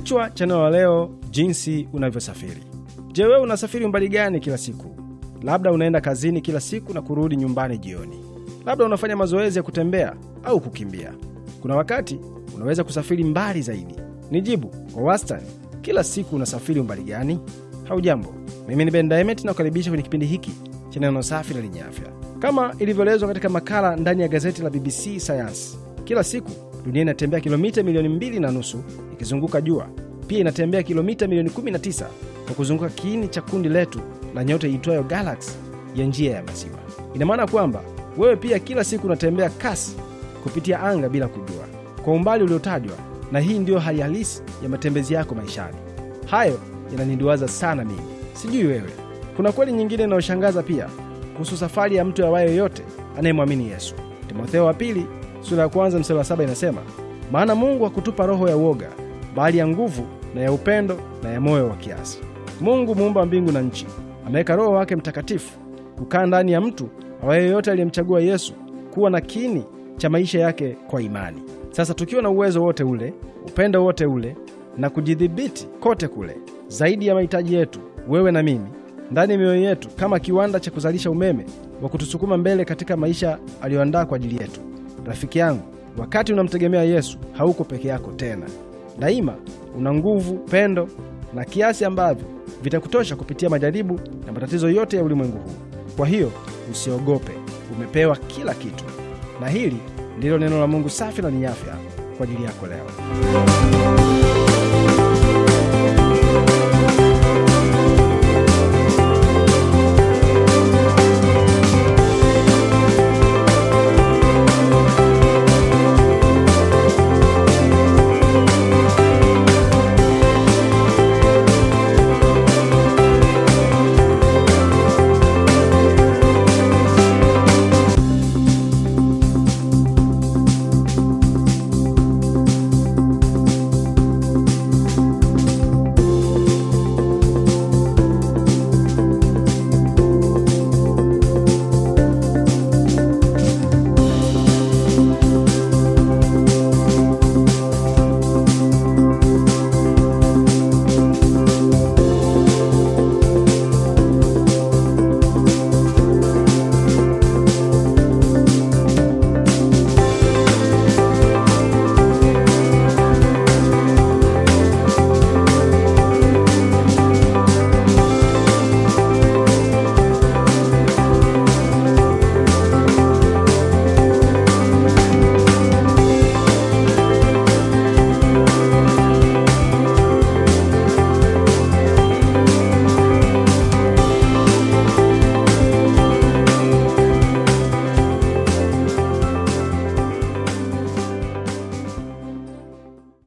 Kichwa cha neno la leo, jinsi unavyosafiri. Je, wewe unasafiri umbali gani kila siku? Labda unaenda kazini kila siku na kurudi nyumbani jioni. Labda unafanya mazoezi ya kutembea au kukimbia. Kuna wakati unaweza kusafiri mbali zaidi. Nijibu kwa wastani, kila siku unasafiri umbali gani? Haujambo, mimi ni Ben Diamond na kukaribisha kwenye kipindi hiki cha neno safi na lenye afya, kama ilivyoelezwa katika makala ndani ya gazeti la BBC Sayansi. Kila siku Dunia inatembea kilomita milioni mbili na nusu ikizunguka jua. Pia inatembea kilomita milioni 19 kwa kuzunguka kiini cha kundi letu la nyota iitwayo galaksi ya njia ya maziwa. Ina maana kwamba wewe pia kila siku unatembea kasi kupitia anga bila kujua, kwa umbali uliotajwa, na hii ndiyo hali halisi ya matembezi yako maishani. Hayo yananiduaza sana mimi, sijui wewe. Kuna kweli nyingine inayoshangaza pia kuhusu safari ya mtu yawayo yoyote anayemwamini Yesu. Timotheo wa pili sura ya kwanza mstari wa saba inasema, maana Mungu hakutupa roho ya uoga, bali ya nguvu na ya upendo na ya moyo wa kiasi. Mungu muumba mbingu na nchi ameweka Roho wake Mtakatifu kukaa ndani ya mtu awaye yoyote aliyemchagua Yesu kuwa na kini cha maisha yake kwa imani. Sasa tukiwa na uwezo wote ule, upendo wote ule, na kujidhibiti kote kule, zaidi ya mahitaji yetu, wewe na mimi, ndani ya mioyo yetu, kama kiwanda cha kuzalisha umeme wa kutusukuma mbele katika maisha aliyoandaa kwa ajili yetu. Rafiki yangu, wakati unamtegemea Yesu hauko peke yako tena. Daima una nguvu, pendo na kiasi ambavyo vitakutosha kupitia majaribu na matatizo yote ya ulimwengu huu. Kwa hiyo usiogope, umepewa kila kitu. Na hili ndilo neno la Mungu safi na ni afya kwa ajili yako leo.